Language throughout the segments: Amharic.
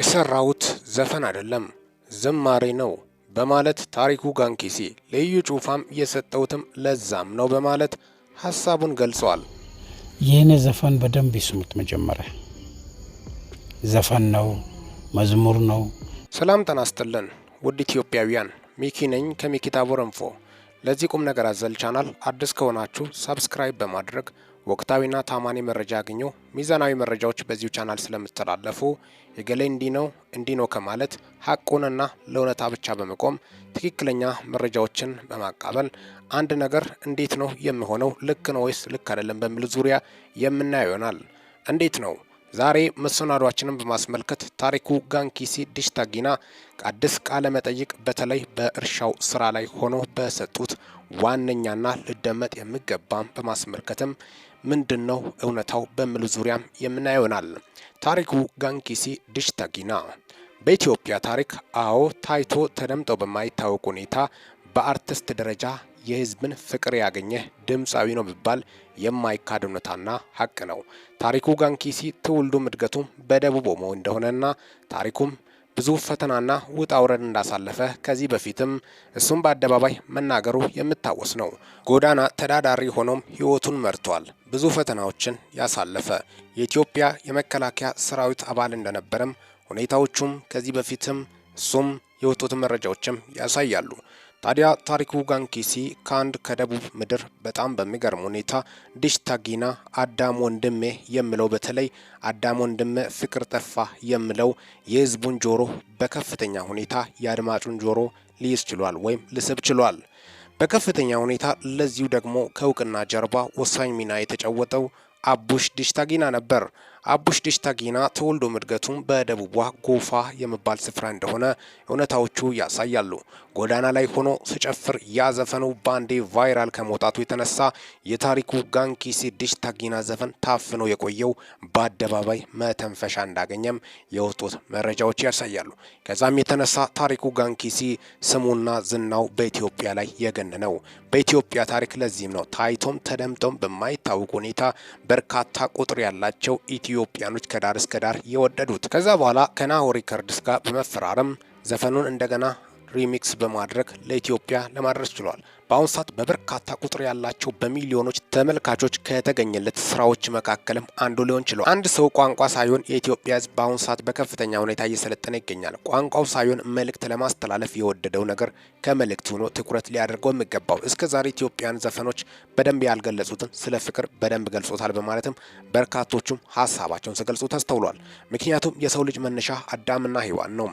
የሰራሁት ዘፈን አይደለም ዝማሬ ነው በማለት ታሪኩ ጋንኪሲ ለኢዩ ጩፋም የሰጠውትም ለዛም ነው በማለት ሀሳቡን ገልጸዋል። ይህን ዘፈን በደንብ ይስሙት። መጀመሪያ ዘፈን ነው፣ መዝሙር ነው። ሰላም ተናስተለን ውድ ኢትዮጵያውያን፣ ሚኪ ነኝ ከሚኪታቦረንፎ። ለዚህ ቁም ነገር አዘል ቻናል አዲስ ከሆናችሁ ሳብስክራይብ በማድረግ ወቅታዊና ታማኒ መረጃ ያገኙ። ሚዛናዊ መረጃዎች በዚሁ ቻናል ስለምትተላለፉ የገሌ እንዲ ነው እንዲ ነው ከማለት ሀቁንና ለእውነታ ብቻ በመቆም ትክክለኛ መረጃዎችን በማቃበል አንድ ነገር እንዴት ነው የሚሆነው፣ ልክ ነው ወይስ ልክ አይደለም በሚል ዙሪያ የምናየው ይሆናል። እንዴት ነው ዛሬ መሰናዷችንን በማስመልከት ታሪኩ ጋንኪሲ ዲሽታጊና አዲስ ቃለ መጠይቅ በተለይ በእርሻው ስራ ላይ ሆኖ በሰጡት ዋነኛና ልደመጥ የሚገባም በማስመልከትም ምንድን ነው እውነታው በሚሉ ዙሪያም የምናየው ይሆናል። ታሪኩ ጋንኪሲ ድሽታጊና በኢትዮጵያ ታሪክ አዎ ታይቶ ተደምጦ በማይታወቅ ሁኔታ በአርቲስት ደረጃ የህዝብን ፍቅር ያገኘ ድምፃዊ ነው ቢባል የማይካድ እውነታና ሀቅ ነው። ታሪኩ ጋንኪሲ ትውልዱም እድገቱም በደቡብ ኦሞ እንደሆነና ታሪኩም ብዙ ፈተናና ውጣ ውረድ እንዳሳለፈ ከዚህ በፊትም እሱም በአደባባይ መናገሩ የምታወስ ነው። ጎዳና ተዳዳሪ ሆኖም ህይወቱን መርቷል። ብዙ ፈተናዎችን ያሳለፈ የኢትዮጵያ የመከላከያ ሰራዊት አባል እንደነበረም ሁኔታዎቹም ከዚህ በፊትም እሱም የወጡት መረጃዎችም ያሳያሉ። ታዲያ ታሪኩ ጋንኪሲ ከአንድ ከደቡብ ምድር በጣም በሚገርም ሁኔታ ዲሽታጊና አዳም ወንድሜ የምለው በተለይ አዳም ወንድሜ ፍቅር ጠፋ የምለው የህዝቡን ጆሮ በከፍተኛ ሁኔታ የአድማጩን ጆሮ ሊይዝ ችሏል ወይም ልስብ ችሏል በከፍተኛ ሁኔታ። ለዚሁ ደግሞ ከእውቅና ጀርባ ወሳኝ ሚና የተጫወተው አቡሽ ዲሽታጊና ነበር። አቡሽ ደሽታ ጊና ተወልዶም እድገቱም በደቡቧ ጎፋ የመባል ስፍራ እንደሆነ እውነታዎቹ ያሳያሉ። ጎዳና ላይ ሆኖ ስጨፍር ያዘፈነው ባንዴ ቫይራል ከመውጣቱ የተነሳ የታሪኩ ጋንኪሲ ደሽታ ጊና ዘፈን ታፍኖ የቆየው በአደባባይ መተንፈሻ እንዳገኘም የወጡት መረጃዎች ያሳያሉ። ከዛም የተነሳ ታሪኩ ጋንኪሲ ስሙና ዝናው በኢትዮጵያ ላይ የገን ነው። በኢትዮጵያ ታሪክ ለዚህም ነው ታይቶም ተደምጦም በማይታወቅ ሁኔታ በርካታ ቁጥር ያላቸው ኢትዮ ኢትዮጵያኖች ከዳር እስከ ዳር የወደዱት። ከዛ በኋላ ከናሆ ሪከርድስ ጋር በመፈራረም ዘፈኑን እንደገና ሪሚክስ በማድረግ ለኢትዮጵያ ለማድረስ ችሏል። በአሁኑ ሰዓት በበርካታ ቁጥር ያላቸው በሚሊዮኖች ተመልካቾች ከተገኘለት ስራዎች መካከልም አንዱ ሊሆን ችሏል። አንድ ሰው ቋንቋ ሳይሆን የኢትዮጵያ ህዝብ በአሁኑ ሰዓት በከፍተኛ ሁኔታ እየሰለጠነ ይገኛል። ቋንቋው ሳይሆን መልእክት ለማስተላለፍ የወደደው ነገር ከመልእክት ሆኖ ትኩረት ሊያደርገው የሚገባው። እስከ ዛሬ ኢትዮጵያን ዘፈኖች በደንብ ያልገለጹትን ስለ ፍቅር በደንብ ገልጾታል በማለትም በርካቶቹም ሀሳባቸውን ሲገልጹ ተስተውሏል። ምክንያቱም የሰው ልጅ መነሻ አዳምና ሔዋን ነው።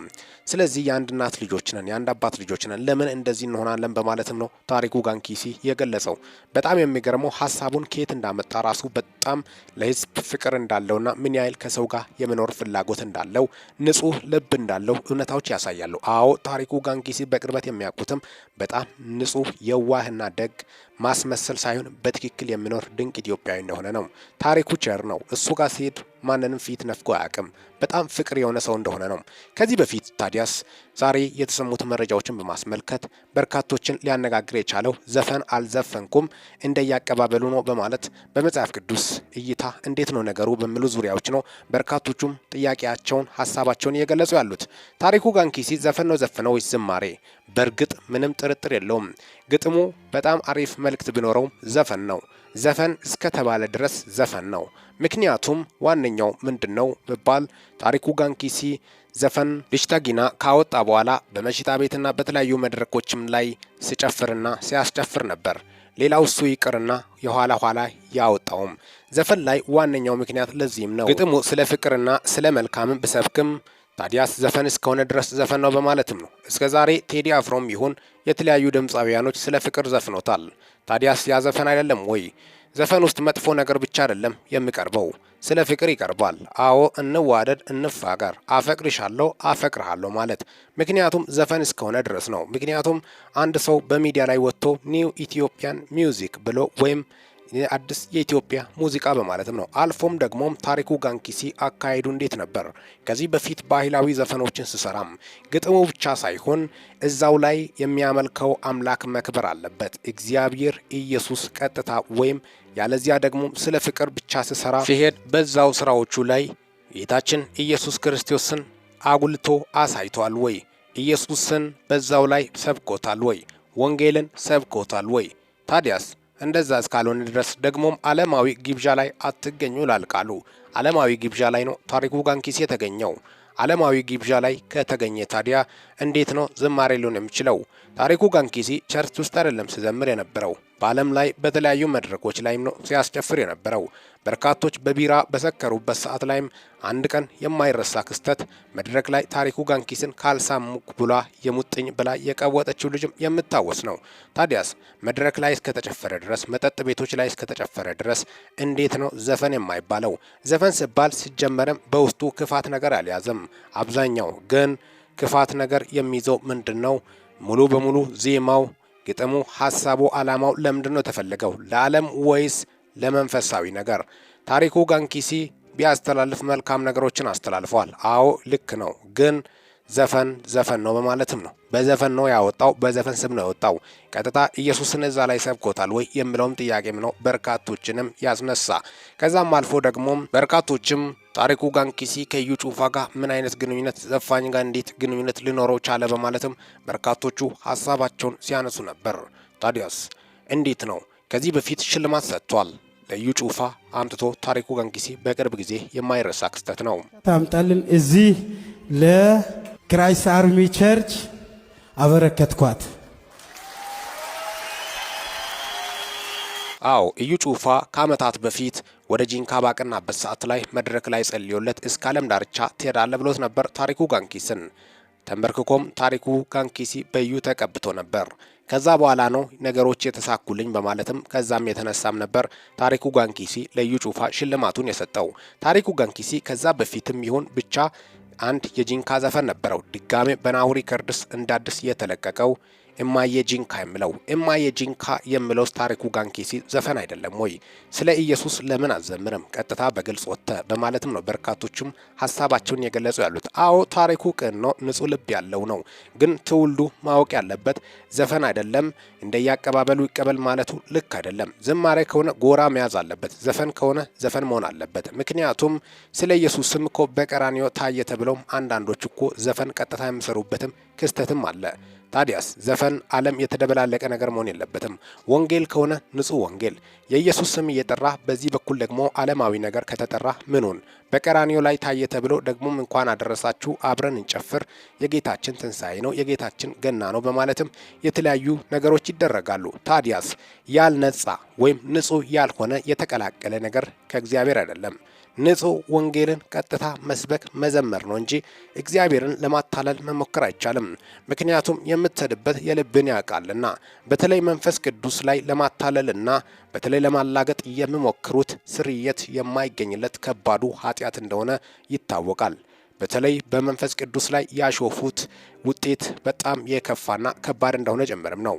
ስለዚህ የአንድ እናት ልጆች ነን፣ የአንድ አባት ልጆች ነን፣ ለምን እንደዚህ እንሆናለን በማለትም ነው ታሪክ ታሪኩ ጋንኪሲ የገለጸው። በጣም የሚገርመው ሀሳቡን ከየት እንዳመጣ ራሱ በጣም ለህዝብ ፍቅር እንዳለውና ምን ያህል ከሰው ጋር የመኖር ፍላጎት እንዳለው ንጹህ ልብ እንዳለው እውነታዎች ያሳያሉ። አዎ ታሪኩ ጋንኪሲ በቅርበት የሚያውቁትም በጣም ንጹህ የዋህና ደግ ማስመሰል ሳይሆን በትክክል የሚኖር ድንቅ ኢትዮጵያዊ እንደሆነ ነው። ታሪኩ ቸር ነው። እሱ ጋር ሲሄድ ማንንም ፊት ነፍጎ አያውቅም። በጣም ፍቅር የሆነ ሰው እንደሆነ ነው። ከዚህ በፊት ታዲያስ ዛሬ የተሰሙት መረጃዎችን በማስመልከት በርካቶችን ሊያነጋግር የቻለው ዘፈን አልዘፈንኩም እንደያቀባበሉ ነው በማለት በመጽሐፍ ቅዱስ እይታ እንዴት ነው ነገሩ በሚሉ ዙሪያዎች ነው በርካቶቹም ጥያቄያቸውን ሀሳባቸውን እየገለጹ ያሉት። ታሪኩ ጋንኪሲ ዘፈን ነው ዘፍነው ወይስ ዝማሬ? በእርግጥ ምንም ጥርጥር የለውም ግጥሙ በጣም አሪፍ መልእክት ቢኖረውም ዘፈን ነው። ዘፈን እስከተባለ ድረስ ዘፈን ነው። ምክንያቱም ዋነኛው ምንድን ነው ብባል ታሪኩ ጋንኪሲ ዘፈን ዲሽታጊና ካወጣ በኋላ በመሽታ ቤትና በተለያዩ መድረኮችም ላይ ሲጨፍርና ሲያስጨፍር ነበር። ሌላው እሱ ይቅርና የኋላ ኋላ ያወጣውም ዘፈን ላይ ዋነኛው ምክንያት ለዚህም ነው። ግጥሙ ስለ ፍቅርና ስለ መልካም ብሰብክም ታዲያስ ዘፈን እስከሆነ ድረስ ዘፈን ነው በማለትም ነው እስከ ዛሬ ቴዲ አፍሮም ይሁን የተለያዩ ድምፃውያኖች ስለ ፍቅር ዘፍኖታል። ታዲያስ ያ ዘፈን አይደለም ወይ? ዘፈን ውስጥ መጥፎ ነገር ብቻ አይደለም የሚቀርበው፣ ስለ ፍቅር ይቀርባል። አዎ እንዋደድ፣ እንፋቀር፣ አፈቅርሻለሁ፣ አፈቅርሃለሁ ማለት ምክንያቱም ዘፈን እስከሆነ ድረስ ነው። ምክንያቱም አንድ ሰው በሚዲያ ላይ ወጥቶ ኒው ኢትዮጵያን ሚውዚክ ብሎ ወይም አዲስ የኢትዮጵያ ሙዚቃ በማለትም ነው። አልፎም ደግሞም ታሪኩ ጋንኪሲ አካሄዱ እንዴት ነበር? ከዚህ በፊት ባህላዊ ዘፈኖችን ስሰራም ግጥሙ ብቻ ሳይሆን እዛው ላይ የሚያመልከው አምላክ መክበር አለበት፣ እግዚአብሔር ኢየሱስ ቀጥታ ወይም ያለዚያ ደግሞ ስለ ፍቅር ብቻ ስሰራ ሲሄድ በዛው ስራዎቹ ላይ ጌታችን ኢየሱስ ክርስቶስን አጉልቶ አሳይቷል ወይ? ኢየሱስን በዛው ላይ ሰብኮታል ወይ? ወንጌልን ሰብኮታል ወይ? ታዲያስ እንደዛ እስካልሆነ ድረስ ደግሞም ዓለማዊ ግብዣ ላይ አትገኙ ቃሉ። ዓለማዊ ግብዣ ላይ ነው ታሪኩ ጋንኪስ የተገኘው። ዓለማዊ ግብዣ ላይ ከተገኘ ታዲያ እንዴት ነው ዝማሬ ሊሆን የሚችለው? ታሪኩ ጋንኪሲ ቸርች ውስጥ አይደለም ሲዘምር የነበረው በዓለም ላይ በተለያዩ መድረኮች ላይም ነው ሲያስጨፍር የነበረው። በርካቶች በቢራ በሰከሩበት ሰዓት ላይም አንድ ቀን የማይረሳ ክስተት መድረክ ላይ ታሪኩ ጋንኪስን ካልሳሙክ ብሏ የሙጥኝ ብላ የቀወጠችው ልጅም የምታወስ ነው። ታዲያስ መድረክ ላይ እስከተጨፈረ ድረስ መጠጥ ቤቶች ላይ እስከተጨፈረ ድረስ እንዴት ነው ዘፈን የማይባለው? ዘፈን ሲባል ሲጀመርም በውስጡ ክፋት ነገር አልያዘም። አብዛኛው ግን ክፋት ነገር የሚይዘው ምንድን ነው? ሙሉ በሙሉ ዜማው፣ ግጥሙ፣ ሀሳቡ፣ አላማው ለምንድን ነው የተፈለገው? ለዓለም ወይስ ለመንፈሳዊ ነገር? ታሪኩ ጋንኪሲ ቢያስተላልፍ መልካም ነገሮችን አስተላልፏል። አዎ ልክ ነው ግን ዘፈን ዘፈን ነው በማለትም ነው በዘፈን ነው ያወጣው፣ በዘፈን ስም ነው ያወጣው። ቀጥታ ኢየሱስን እዛ ላይ ሰብኮታል ወይ የሚለውም ጥያቄም ነው በርካቶችንም ያስነሳ። ከዛም አልፎ ደግሞ በርካቶችም ታሪኩ ጋንኪሲ ከዩ ጩፋ ጋር ምን አይነት ግንኙነት ዘፋኝ ጋር እንዴት ግንኙነት ሊኖረው ቻለ? በማለትም በርካቶቹ ሀሳባቸውን ሲያነሱ ነበር። ታዲያስ እንዴት ነው? ከዚህ በፊት ሽልማት ሰጥቷል ለዩ ጩፋ አምጥቶ ታሪኩ ጋንኪሲ በቅርብ ጊዜ የማይረሳ ክስተት ነው። ታምጣልን እዚህ ለ ክራይስት አርሚ ቸርች አበረከትኳት። አዎ እዩ ጩፋ ከአመታት በፊት ወደ ጂንካ ባቀናበት ሰዓት ላይ መድረክ ላይ ጸልዮለት እስከ ዓለም ዳርቻ ትሄዳለ ብሎት ነበር ታሪኩ ጋንኪስን። ተንበርክኮም ታሪኩ ጋንኪሲ በእዩ ተቀብቶ ነበር። ከዛ በኋላ ነው ነገሮች የተሳኩልኝ በማለትም ከዛም የተነሳም ነበር ታሪኩ ጋንኪሲ ለእዩ ጩፋ ሽልማቱን የሰጠው። ታሪኩ ጋንኪሲ ከዛ በፊትም ይሁን ብቻ አንድ የጂንካ ዘፈን ነበረው ድጋሜ በናሁ ሪከርድስ እንደ አዲስ የተለቀቀው እማዬ ጂንካ የምለው እማዬ ጂንካ የምለው ታሪኩ ጋንኪሲ ዘፈን አይደለም ወይ? ስለ ኢየሱስ ለምን አዘምርም? ቀጥታ በግልጽ ወጥተ በማለትም ነው በርካቶቹም ሀሳባቸውን የገለጹ ያሉት። አዎ ታሪኩ ቅን ነው፣ ንጹህ ልብ ያለው ነው። ግን ትውልዱ ማወቅ ያለበት ዘፈን አይደለም፣ እንደየአቀባበሉ ይቀበል ማለቱ ልክ አይደለም። ዝማሬ ከሆነ ጎራ መያዝ አለበት፣ ዘፈን ከሆነ ዘፈን መሆን አለበት። ምክንያቱም ስለ ኢየሱስም እኮ በቀራኒዮ ታየ ተብለውም አንዳንዶች እኮ ዘፈን ቀጥታ የሚሰሩበትም ክስተትም አለ። ታዲያስ ዘፈን ዓለም የተደበላለቀ ነገር መሆን የለበትም። ወንጌል ከሆነ ንጹህ ወንጌል የኢየሱስ ስም እየጠራ በዚህ በኩል ደግሞ ዓለማዊ ነገር ከተጠራ ምኑን በቀራኒዮ ላይ ታየ ተብሎ ደግሞም እንኳን አደረሳችሁ አብረን እንጨፍር የጌታችን ትንሣኤ ነው የጌታችን ገና ነው በማለትም የተለያዩ ነገሮች ይደረጋሉ። ታዲያስ ያልነጻ ወይም ንጹህ ያልሆነ የተቀላቀለ ነገር ከእግዚአብሔር አይደለም። ንጹህ ወንጌልን ቀጥታ መስበክ መዘመር ነው እንጂ እግዚአብሔርን ለማታለል መሞከር አይቻልም። ምክንያቱም የምትሄድበት የልብን ያውቃልና። በተለይ መንፈስ ቅዱስ ላይ ለማታለልና በተለይ ለማላገጥ የሚሞክሩት ስርየት የማይገኝለት ከባዱ ኃጢአት እንደሆነ ይታወቃል። በተለይ በመንፈስ ቅዱስ ላይ ያሾፉት ውጤት በጣም የከፋና ከባድ እንደሆነ ጭምርም ነው።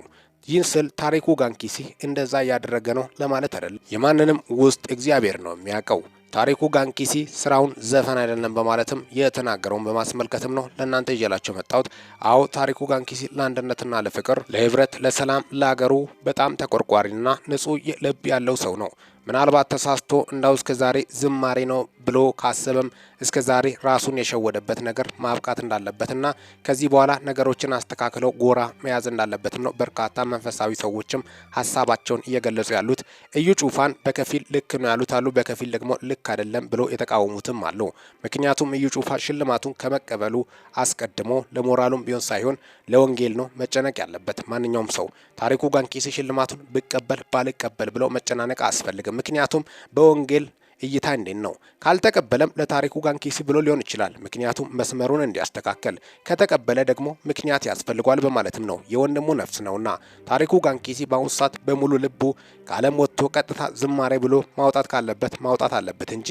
ይህን ስል ታሪኩ ጋንኪሲ እንደዛ እያደረገ ነው ለማለት አይደለም። የማንንም ውስጥ እግዚአብሔር ነው የሚያውቀው። ታሪኩ ጋንኪሲ ስራውን ዘፈን አይደለም በማለትም የተናገረውን በማስመልከትም ነው ለእናንተ ይዤላቸው መጣሁት። አዎ ታሪኩ ጋንኪሲ ለአንድነትና ለፍቅር፣ ለህብረት፣ ለሰላም፣ ለአገሩ በጣም ተቆርቋሪና ንጹህ ልብ ያለው ሰው ነው። ምናልባት ተሳስቶ እንዳው እስከ ዛሬ ዝማሬ ነው ብሎ ካሰበም እስከ ዛሬ ራሱን የሸወደበት ነገር ማብቃት እንዳለበትና ከዚህ በኋላ ነገሮችን አስተካክለው ጎራ መያዝ እንዳለበትም ነው በርካታ መንፈሳዊ ሰዎችም ሀሳባቸውን እየገለጹ ያሉት። እዩ ጩፋን በከፊል ልክ ነው ያሉት አሉ፣ በከፊል ደግሞ ልክ አይደለም ብሎ የተቃወሙትም አሉ። ምክንያቱም እዩ ጩፋ ሽልማቱን ከመቀበሉ አስቀድሞ ለሞራሉም ቢሆን ሳይሆን ለወንጌል ነው መጨነቅ ያለበት ማንኛውም ሰው። ታሪኩ ጋንኪሲ ሽልማቱን ብቀበል ባልቀበል ብለው መጨናነቅ አያስፈልግም ምክንያቱም በወንጌል እይታ እንዴት ነው? ካልተቀበለም ለታሪኩ ጋንኪሲ ብሎ ሊሆን ይችላል። ምክንያቱም መስመሩን እንዲያስተካከል ከተቀበለ ደግሞ ምክንያት ያስፈልጓል በማለትም ነው። የወንድሙ ነፍስ ነውና ታሪኩ ጋንኪሲ በአሁኑ ሰዓት በሙሉ ልቡ ከዓለም ወጥቶ ቀጥታ ዝማሬ ብሎ ማውጣት ካለበት ማውጣት አለበት እንጂ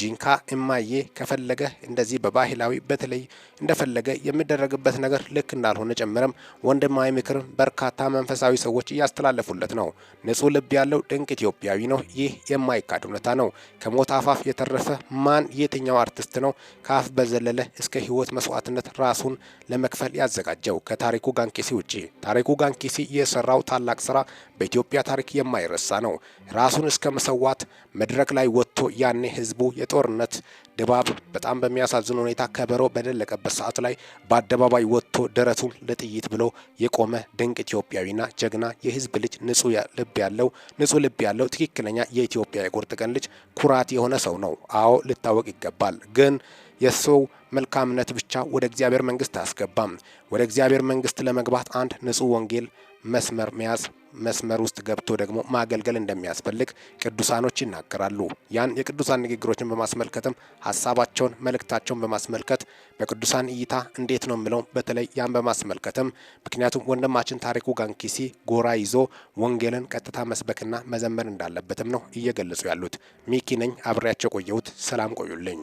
ጂንካ እማዬ ከፈለገ እንደዚህ በባህላዊ በተለይ እንደፈለገ የሚደረግበት ነገር ልክ እንዳልሆነ ጨምረም ወንድማዊ ምክር በርካታ መንፈሳዊ ሰዎች እያስተላለፉለት ነው። ንጹህ ልብ ያለው ድንቅ ኢትዮጵያዊ ነው። ይህ የማይካድ እውነታ ነው። ከሞት አፋፍ የተረፈ ማን የትኛው አርቲስት ነው ከአፍ በዘለለ እስከ ህይወት መስዋዕትነት ራሱን ለመክፈል ያዘጋጀው ከታሪኩ ጋንኪሲ ውጪ? ታሪኩ ጋንኪሲ የሰራው ታላቅ ስራ በኢትዮጵያ ታሪክ የማይረሳ ነው። ራሱን እስከ መሰዋት መድረክ ላይ ወጥቶ ያኔ ህዝቡ የጦርነት ድባብ በጣም በሚያሳዝን ሁኔታ ከበሮ በደለቀበት ሰዓት ላይ በአደባባይ ወጥቶ ደረቱን ለጥይት ብሎ የቆመ ድንቅ ኢትዮጵያዊና ጀግና የህዝብ ልጅ ንጹህ ልብ ያለው ንጹህ ልብ ያለው ትክክለኛ የኢትዮጵያ የቁርጥ ቀን ልጅ ኩራት የሆነ ሰው ነው። አዎ ልታወቅ ይገባል። ግን የሰው መልካምነት ብቻ ወደ እግዚአብሔር መንግስት አያስገባም። ወደ እግዚአብሔር መንግስት ለመግባት አንድ ንጹህ ወንጌል መስመር መያዝ መስመር ውስጥ ገብቶ ደግሞ ማገልገል እንደሚያስፈልግ ቅዱሳኖች ይናገራሉ። ያን የቅዱሳን ንግግሮችን በማስመልከትም ሀሳባቸውን መልእክታቸውን በማስመልከት በቅዱሳን እይታ እንዴት ነው የምለው በተለይ ያን በማስመልከትም ምክንያቱም ወንድማችን ታሪኩ ጋንኪሲ ጎራ ይዞ ወንጌልን ቀጥታ መስበክና መዘመር እንዳለበትም ነው እየገለጹ ያሉት። ሚኪ ነኝ አብሬያቸው ቆየሁት። ሰላም ቆዩልኝ።